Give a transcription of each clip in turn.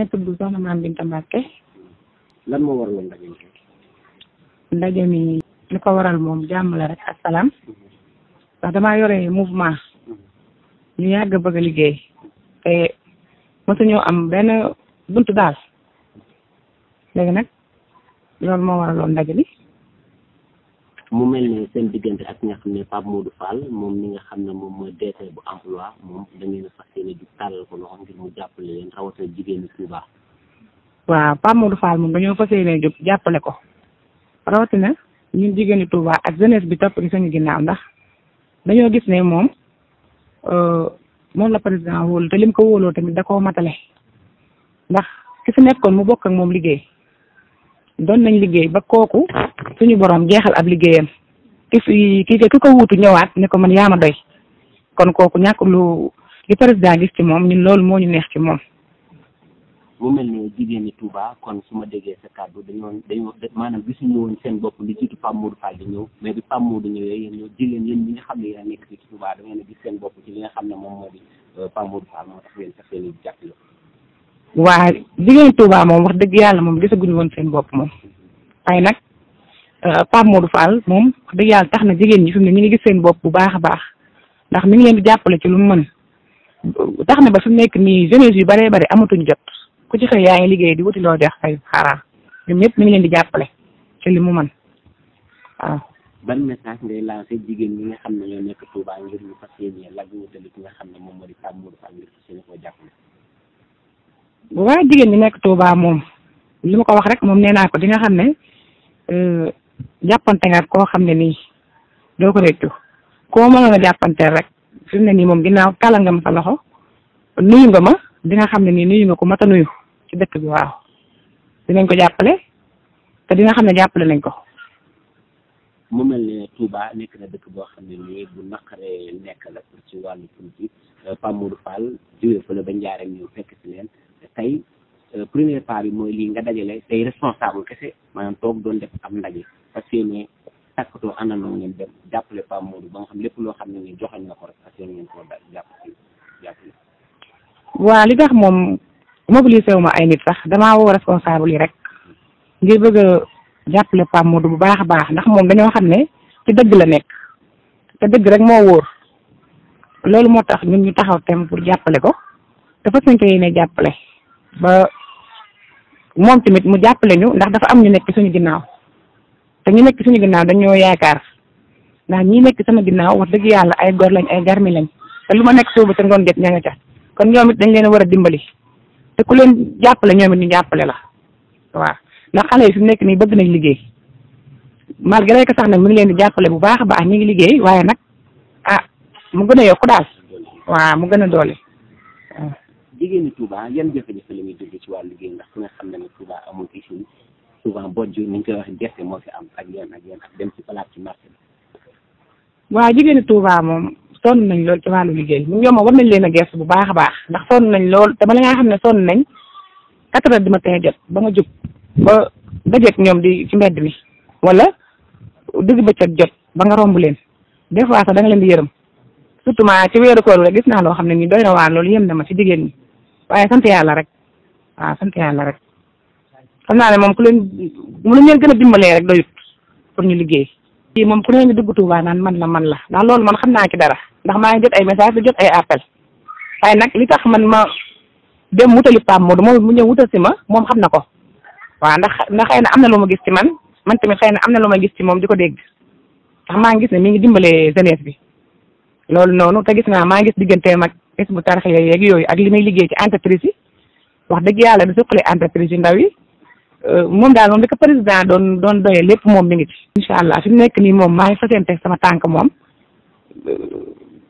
maa ngi tudd soxna Maam ndaje mi ndaje ko waral moom jàmm la rek ak salaam ndax damaa yore mouvement ñu yàgg bëgg a liggéey te mësuñoo am benn buntu daal léegi nag loolu moo waraloon ndaje li mu mel ne seen diggante ak nga xam ne Pape Modou Fall moom mi nga xam ne moom mooy DG bu emploi moom da ngeen a fas yéene di tàllal ko loxo ngir mu jàppale leen rawatina jigéenu Touba. waaw Pape Modou Fall moom dañoo fas yéene jóg jàppale ko rawatina ñun jigéenu Touba ak jeunesse bi topp ci suñu ginnaaw ndax dañoo gis ne moom euh, moom la président wóolu te lim ko wóoloo tamit da koo matale ndax ki fi nekkoon mu bokk ak moom liggéey. doon nañ liggéey ba kooku suñu borom jeexal ab liggéeyam ki fi ki ko wuutu ñëwaat ne ko man yaa ma doy kon kooku ñàkk lu li président gis ci moom ñun loolu moo ñu neex ci moom. mu mel ni jigéen ñi Touba kon su ma déggee sa kàddu dañoo dañoo maanaam gisuñu woon seen bopp li jiitu Pape Modou Fall di ñëw mais bi Pape Modou ñëwee yéen ñoo jigéen yéen ñi nga xam ne yéen a nekk fii ci Touba da gis seen bopp ci li nga xam ne moom moo di euh, Pape Modou Fall moo tax yéen sax yéen a jàppale waa jigéen Touba moom wax dëgg yàlla moom gisaguñu woon seen bopp moom waaye nag euh, Pape Modou Fall moom wax dëgg yàlla tax na jigéen ñi fi mu ne ñu ngi gis seen bopp bu baax a baax ndax mi ngi leen di jàppale ci lu mu tax na ba fi mu nekk nii jeunesse yu baree bare amatuñ jot ku ci xëy yaa ngi liggéey di wuti loo deex ay xaaraa ñoom ñëpp mi leen di jàppale ci li mu mën waaw. ban message ngay lancé jigéen ñi nga xam ne ñoo nekk la nga xam ne moom moo di Pape bu baax jigéen ñi nekk Touba moom li ma ko wax rek moom nee naa ko di nga xam ne euh, jàppante nga koo xam ne nii doo ko réccu koo mënoon rek fi ne nii moom ginnaaw tàllal nga ma nga ma di nga xam ne nii nuyu nga ko mat a nuyu ci dëkk bi waaw dinañ ko jàppale te dina xam ne jàppale nañ ko. mu mel ne Touba nekk na dëkk boo xam ne bu naqaree nekk la ci wàllu politique Pape Modou Fall leen. tey euh, premier pas bi mooy lii nga dajale tey responsable kese maanaam toog doon def am ndaje parce que ne takkatoo àndandoo ngeen jàppale Pape Modou ba nga loo xam ne ni joxañ na ko rek koo da jàpp jàppale waa li tax moom mobilisé wu ma ay nit sax damaa woo responsable yi rek ngir bëgg jàppale Pape bu baax a baax ndax moom dañoo xam ne ci la nekk dëgg rek moo wóor loolu moo tax ñu taxaw tem pour jàppale ko dafa suñ jàppale ba moom tamit mu jàppale ñu ndax dafa am ñu nekk suñu ginnaaw te ñu nekk suñu ginnaaw dañoo yaakaar ndax ñi nekk sama ginnaaw wax dëgg yàlla ay góor lañ ay garmi lañ te lu ma nekk suuba te ngoon jot ña nga ca kon ñoom it dañ leen war a dimbali te ku leen jàppale ñoom it ñu jàppale la waaw ndax xale yi fi nekk nii bëgg nañ liggéey malgré que sax nag mu ngi leen di jàppale bu baax baax ñu ngi liggéey waaye nag ah mu gën a yokku daal waaw mu gën a doole jigéeni Touba yan jafe-jafe la ñuy jóge ci xam ne ne Touba amul koy wax gerte moo fi am ak yéen ak yéen ak dem ci palaat ci marché bi waaw jigéeni moom sonn nañ lool ci wàllu liggéey mu ñoom moom war nañ leen a gerte bu baax a baax ndax sonn nañ lool te la ngaa xam ne sonn nañ quatre di ma matin jot ba nga jóg ba dajeeg ñoom di ci mbedd mi wala digg bëccëg jot ba nga romb leen des fois sax da nga leen di yërëm surtout ci weeru koor rek gis naa loo xam ne nii doy na waar loolu yem na ma ci jigéen waaye sant yàlla rek waaw sant yàlla rek xam naa ne moom ku leen mu lu leen gën a dimbalee rek doyut pour ñu liggéey. fii moom ku ne ngi dugg Touba naan man la man la ndax loolu man xam naa ci dara ndax maa ngi jot ay message di jot ay appel waaye nag li tax man ma dem wutali Pape moom mu ñëw wutal si ma moom xam na ko waaw ndax ndax xëy na am na lu ma gis ci man man tamit xëy na am na lu ma gis ci moom di ko dégg ndax maa ngi gis ne mi ngi dimbalee bi isbu tarxiya yeeg yooyu ak li may liggéey ci entreprise yi wax dëgg yàlla di suqali entreprise yu ndaw yi euh, moom daal moom li ko président doon doon doyee lépp moom mi ngi ci incha allah fi mu nekk nii moom maa ngi fas yéene teg sama tànk moom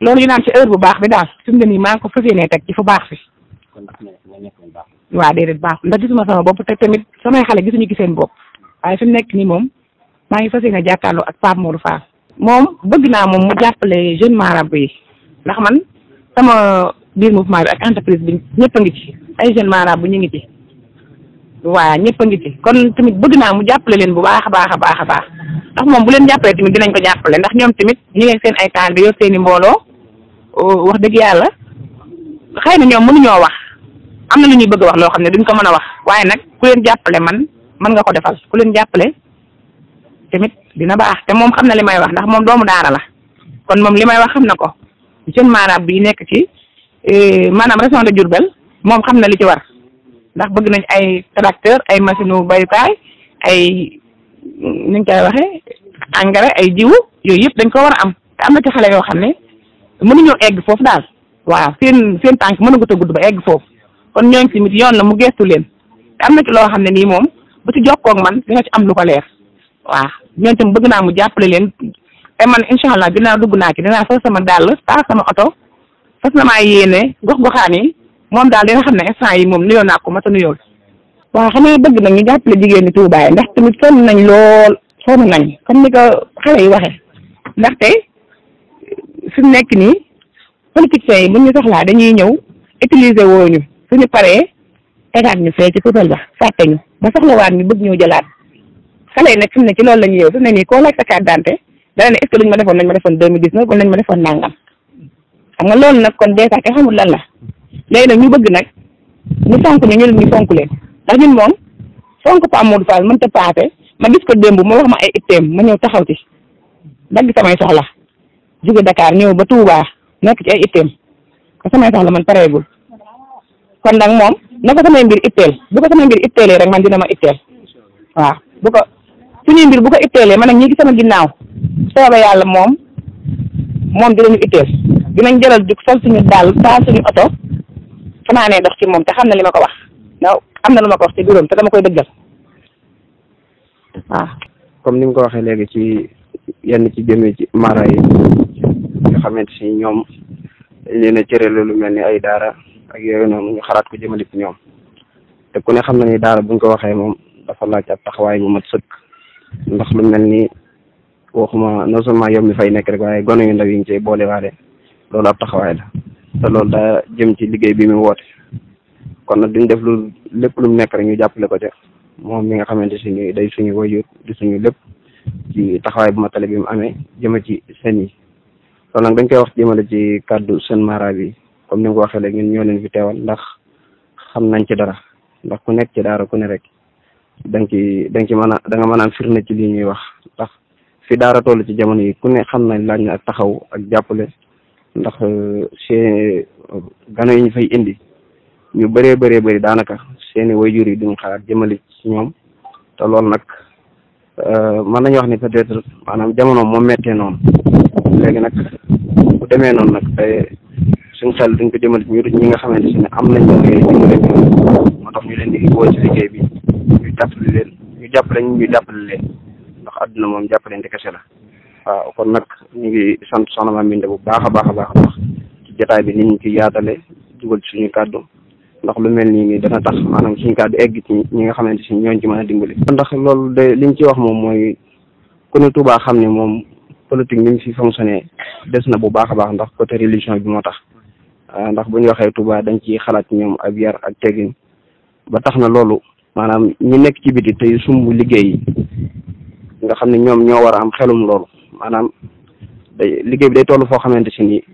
bu baax bi daal fi mu ne ko fas yéene teg ci fu baax fi waaw déedéet baax ndax gisuma sama bopp te tamit samay xale gisuñu gi seen bopp waaye fi mu nekk nii moom maa ngi fas yéene jàkkaarloo ak Pape Modou Fall moom bëgg naa moom mu jàppale jeune marabout yi ndax man sama biir mouvement bi ak entreprise bi ñëpp a ngi ci ay jeunes maanaam bu ñu ngi ci waaw ñëpp a ngi ci kon tamit bëgg naa mu jàppale leen bu baax a baax a baax a baax ndax moom bu leen jàppalee tamit dinañ ko jàppale ndax ñoom tamit ñu ngi seen ay taal bi yor seen mbooloo wax dëgg yàlla xëy na ñoom mënuñoo wax am na lu ñuy bëgg a wax loo xam ne duñ ko mën a wax waaye nag ku leen jàppale man mën nga ko defal ku leen jàppale tamit dina baax te moom xam na li may wax ndax moom doomu daara la kon moom li may wax xam na ko seen maanaam bi nekk ci eh, maanaam région de Diourbel moom xam na li ci war ndax bëgg nañ ay tracteur ay machine u bayukaay ay niñ koy waxee engrais ay jiwu yooyu yëpp dañ ko war a am te am na ci xale yoo xam ne mënuñoo egg foofu daal waaw seen seen tànk mënagut a gudd ba egg foofu kon ñooñu tamit yoon na mu gestu leen te am na ci loo xam ne nii moom bu ci jokkoog man dina ci am lu ko leer waaw ñooñu tam bëgg naa mu jàppale leen te man incha allah dinaa dugg naa ci dinaa sol sama dàll taal sama oto fas na maa yéene gox goxaan yi moom daal dina xam ne instant yi moom nuyoo naa ko mata nuyool. waaw xanaa bëgg na ñu jàppale jigéen ñi Touba yi ndax tamit sonn nañ lool sonn nañ comme ni ko xale yi waxee ndaxte fi mu nekk nii politiciens yi bu ñu soxlaa dañuy ñëw utiliser woo ñu suñu paree tegaat ñu fee ci putal ba fàtte ñu ba soxlawaat ñu bëgg ñoo jëlaat xale yi nag fi mu ci la ñuy yow fi mu dana ne est-ce que lu ñu ma defoon nañ ma defoon deux mille dix neuf nañ ma defoon nangam xam nga loolu nag kon dèjà kay xamul lan la léegi ñu bëgg nag ñu fonk ñu ñu ñu fonk leen ndax ñun moom fonk Pape Modou Fall mënta ma gis ko démb ma wax ma ay itteem ma ñëw taxaw ci dagg samay soxla jóge Dakar ñëw ba Touba nekk ci ay itteem ko samay soxla man pareegul kon nag moom nag ko samay mbir itteel bu ko samay mbir itteelee rek man dina ma itteel waaw bu ko suñuy mbir bu ko itteelee man nag ñi ngi sama ginnaaw sooba yàlla moom moom dinañu itteel dinañ jaral jug sol suñu daal taal suñu oto fanaanee dox ci moom te xam na li ma ko wax ndax am na lu ma ko wax ci biiram te dama koy dëggal waaw. comme ni ko waxee léegi ci yenn ci jëmee ci mara yi nga xamante si ñoom dañ leen a cërale lu mel ni ay daara ak yooyu noonu ñu xalaat ko jëmale ci ñoom te ne xam na ni daara buñ ko waxee moom dafa laaj ab taxawaay bu mat sëkk. ndax lu mel ni waxuma non seulement yow mi fay nekk rek waaye gone yu ndaw yi ñu cay boolewaale loolu ab taxawaay la te loolu daa jëm ci liggéey bi mu woote kon nag duñ def lu lépp lu mu nekk rek ñu jàppale ko ca moom mi nga xamante suñu day suñu wayut di suñu lépp taxawaay bu ma tale bi mu amee jëma ci seen yi loolu nag dañ koy wax jëmale ci kàddu seen mara bi comme ni nga ko waxee léegi ñun ñoo leen fi teewal ndax xam nañ ci dara ndax ku nekk ci daara rek da nga ci ci mën a da mën a am firnde ci lii ñuy wax ndax fi daara toll ci jamono yi ku ne xam nañ laaj na ak taxaw ak jàppale ndax euh, seen euh, gano yi ñu fay indi ñu bëree bëree bëri daanaka seeni way jur yi duñ xalaat jëmale ñoom te loolu nag euh, mën nañu wax ni peut-être maanaam jamono moom mettee noonu léegi nag bu demee noonu nag te suñ xel duñ ko jëmale ci ñu ñi nga xamante ne am nañ moo tax ñu leen di woo ci liggéey bi jàppale leen ñu jàppale ñu ñu jàppale ndax adduna moom jàppalante kese la waaw kon nag ñu ngi sant soxna Mame Mbinde bu baax a baax a baax a baax ci jotaay bi ni ñu ci yaatale dugal suñu kàddu ndax lu mel nii nii dana tax maanaam suñu kàddu ñi nga xamante si ñooñ ci mën a dimbali. ndax loolu de liñ ci wax moom mooy ku ne Touba xam ni moom politique ni mu fi fonctionné des na bu baax a baax ndax côté religion bi moo tax ndax bu waxee Touba dañ ciy xalaat ñoom ab yar ak teggin ba tax na loolu. maanaam ñi nekk ci biti tey sumb liggéey yi nga xam ne ñoom ñoo war a am xelum loolu maanaam day liggéey bi day toll foo xamante si ni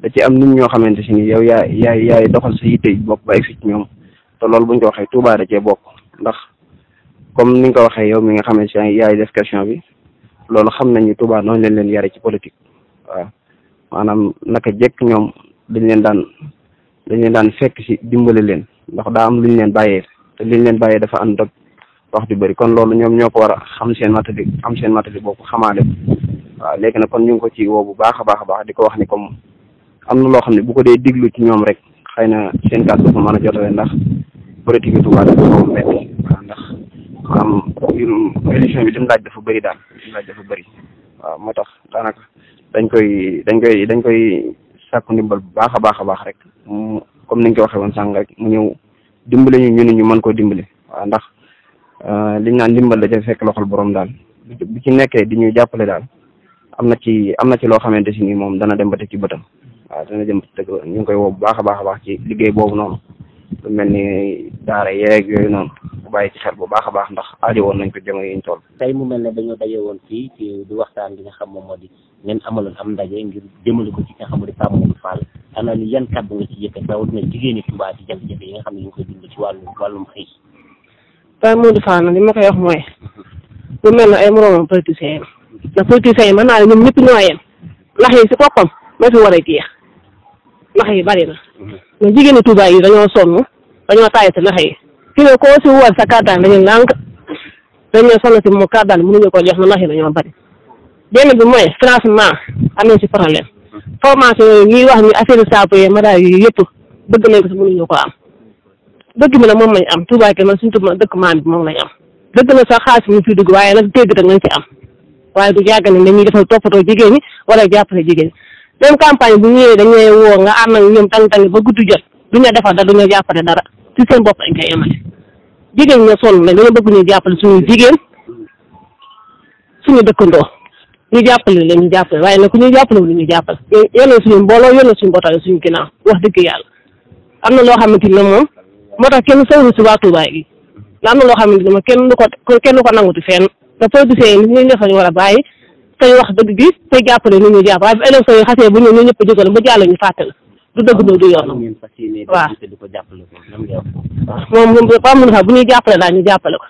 da ci am nit ñoo xamante si ni yow yaay yaay yaay doxal sa yitte bopp ba egg ñoom te loolu buñ ko waxee Touba da cee bokk ndax comme ni nga ko waxee yow mi nga xamante si yaay def question bi loolu xam nañu Touba noonu leen leen yare ci politique waaw maanaam naka jekk ñoom dañ leen daan dañ leen daan fekk si dimbale leen ndax daa am lu leen bàyyee te liñ leen bàyyee dafa ànd ak wax ju bari kon loolu ñoom ñoo ko war a xam seen matadi am seen matadi boobu xamaale waaw léegi nag kon ñu ngi ko ci woo bu baax a baax a baax di ko wax ni comme am na loo xam ne bu ko dee diglu ñoom rek xëy na seen kàddu dafa mën a jotale ndax politique Tuubaa dafa xaw a ndax am mbirum élection bi dim laaj dafa bëri daal laaj dafa bëri moo tax daanaka dañ koy dañ koy dañ koy sàkku ndimbal bu baax a baax baax rek comme niñ ko waxee woon sàng rek mu ñëw dimbale ñu ñun ñu mën koo dimbale waaw ndax euh, liñ naan dimbal da ca fekk loxol borom daal bu ci nekkee di ñuy jàppale daal am na ci am na ci loo xamante si ni moom dana dem ba teg ci bëtam waaw dana dem ba ñu ngi koy woo bu baax a baax a baax ci liggéey boobu noonu lu mel ni daara yeeg yooyu noonu bàyyi ci xel bu baax a baax ndax aadi woon nañ ko jamono yi ñu toll tey mu mel ne dañoo daje woon fii ci di waxtaan li nga xam moom moo di ngeen amaloon am ndaje ngir jëmale ko ci nga xam moo di Pape Modou yi nga xam ne ñu ngi koy ma koy wax mooy mu mel ne ay moroomam politiciens yi ndax politiciens yi mën naa ne ñoom ñëpp ñoo yem lax yi si koppam moo fi war a jeex lax yi na mais mm-hmm. jigéen yi dañoo sonn dañoo taayati lax yi kii koo si woo sa carte dañuy lànk dañ ne soxna si moom carte d' mënuñu ko jox na ndax yi dañoo bari benn bi mooy financement am nañ si problème formation yooyu ñuy wax ñu affaire saabu yi madaay yi yëpp ko si mënuñu am dëgg bi nag moom lañ am Touba Kelle man suñu tub dëkk maam bi moom lañ am dëgg na sax xaalis mu fi dugg waaye nag dégg rek lañ ci am waaye du yàgg ne dañuy defal toppatoo jigéen ñi wala jàppale jigéen ñi même campagne bu ñëwee dañuy woo nga ànd ak ñoom tàng tàng ba gudd jot du ñu da dara du dara ci seen bopp lañ koy yemale jigéen ña sonn nañ dañoo bëgg ñu jàppale suñu jigéen suñu dëkkandoo ñu jàppale leen ñu jàppale waaye nag ku ñu jàppale wu ñu jàppale yónnee suñu mbooloo yónnee suñu mbootaay suñu ginnaaw wax dëgg yàlla am na loo xamante ni moom moo tax kenn sawru si waatu Touba yi la am na loo xamante ni moom kenn du ko kenn du ko nanguti fenn te politiciens yi ñu defal war a bàyyi tey wax dëgg bi tey jàppale ni ñu jàpp waaye bu élection yi xasee bu ñëw ñu ñëpp jógal ba jàll ñu fàtte la du dëgg du du yoon. waaw moom moom PAM mun fa bu ñuy jàppale daal ñu jàppale ko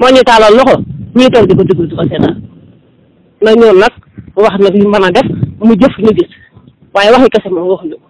moo ñu taalal loxo ñuy toog di ko déglu di ko seetaan na ñoom nag wax nag ñu mën a def mu jëf ñu gis waaye waxi kese moom waxuñu ko.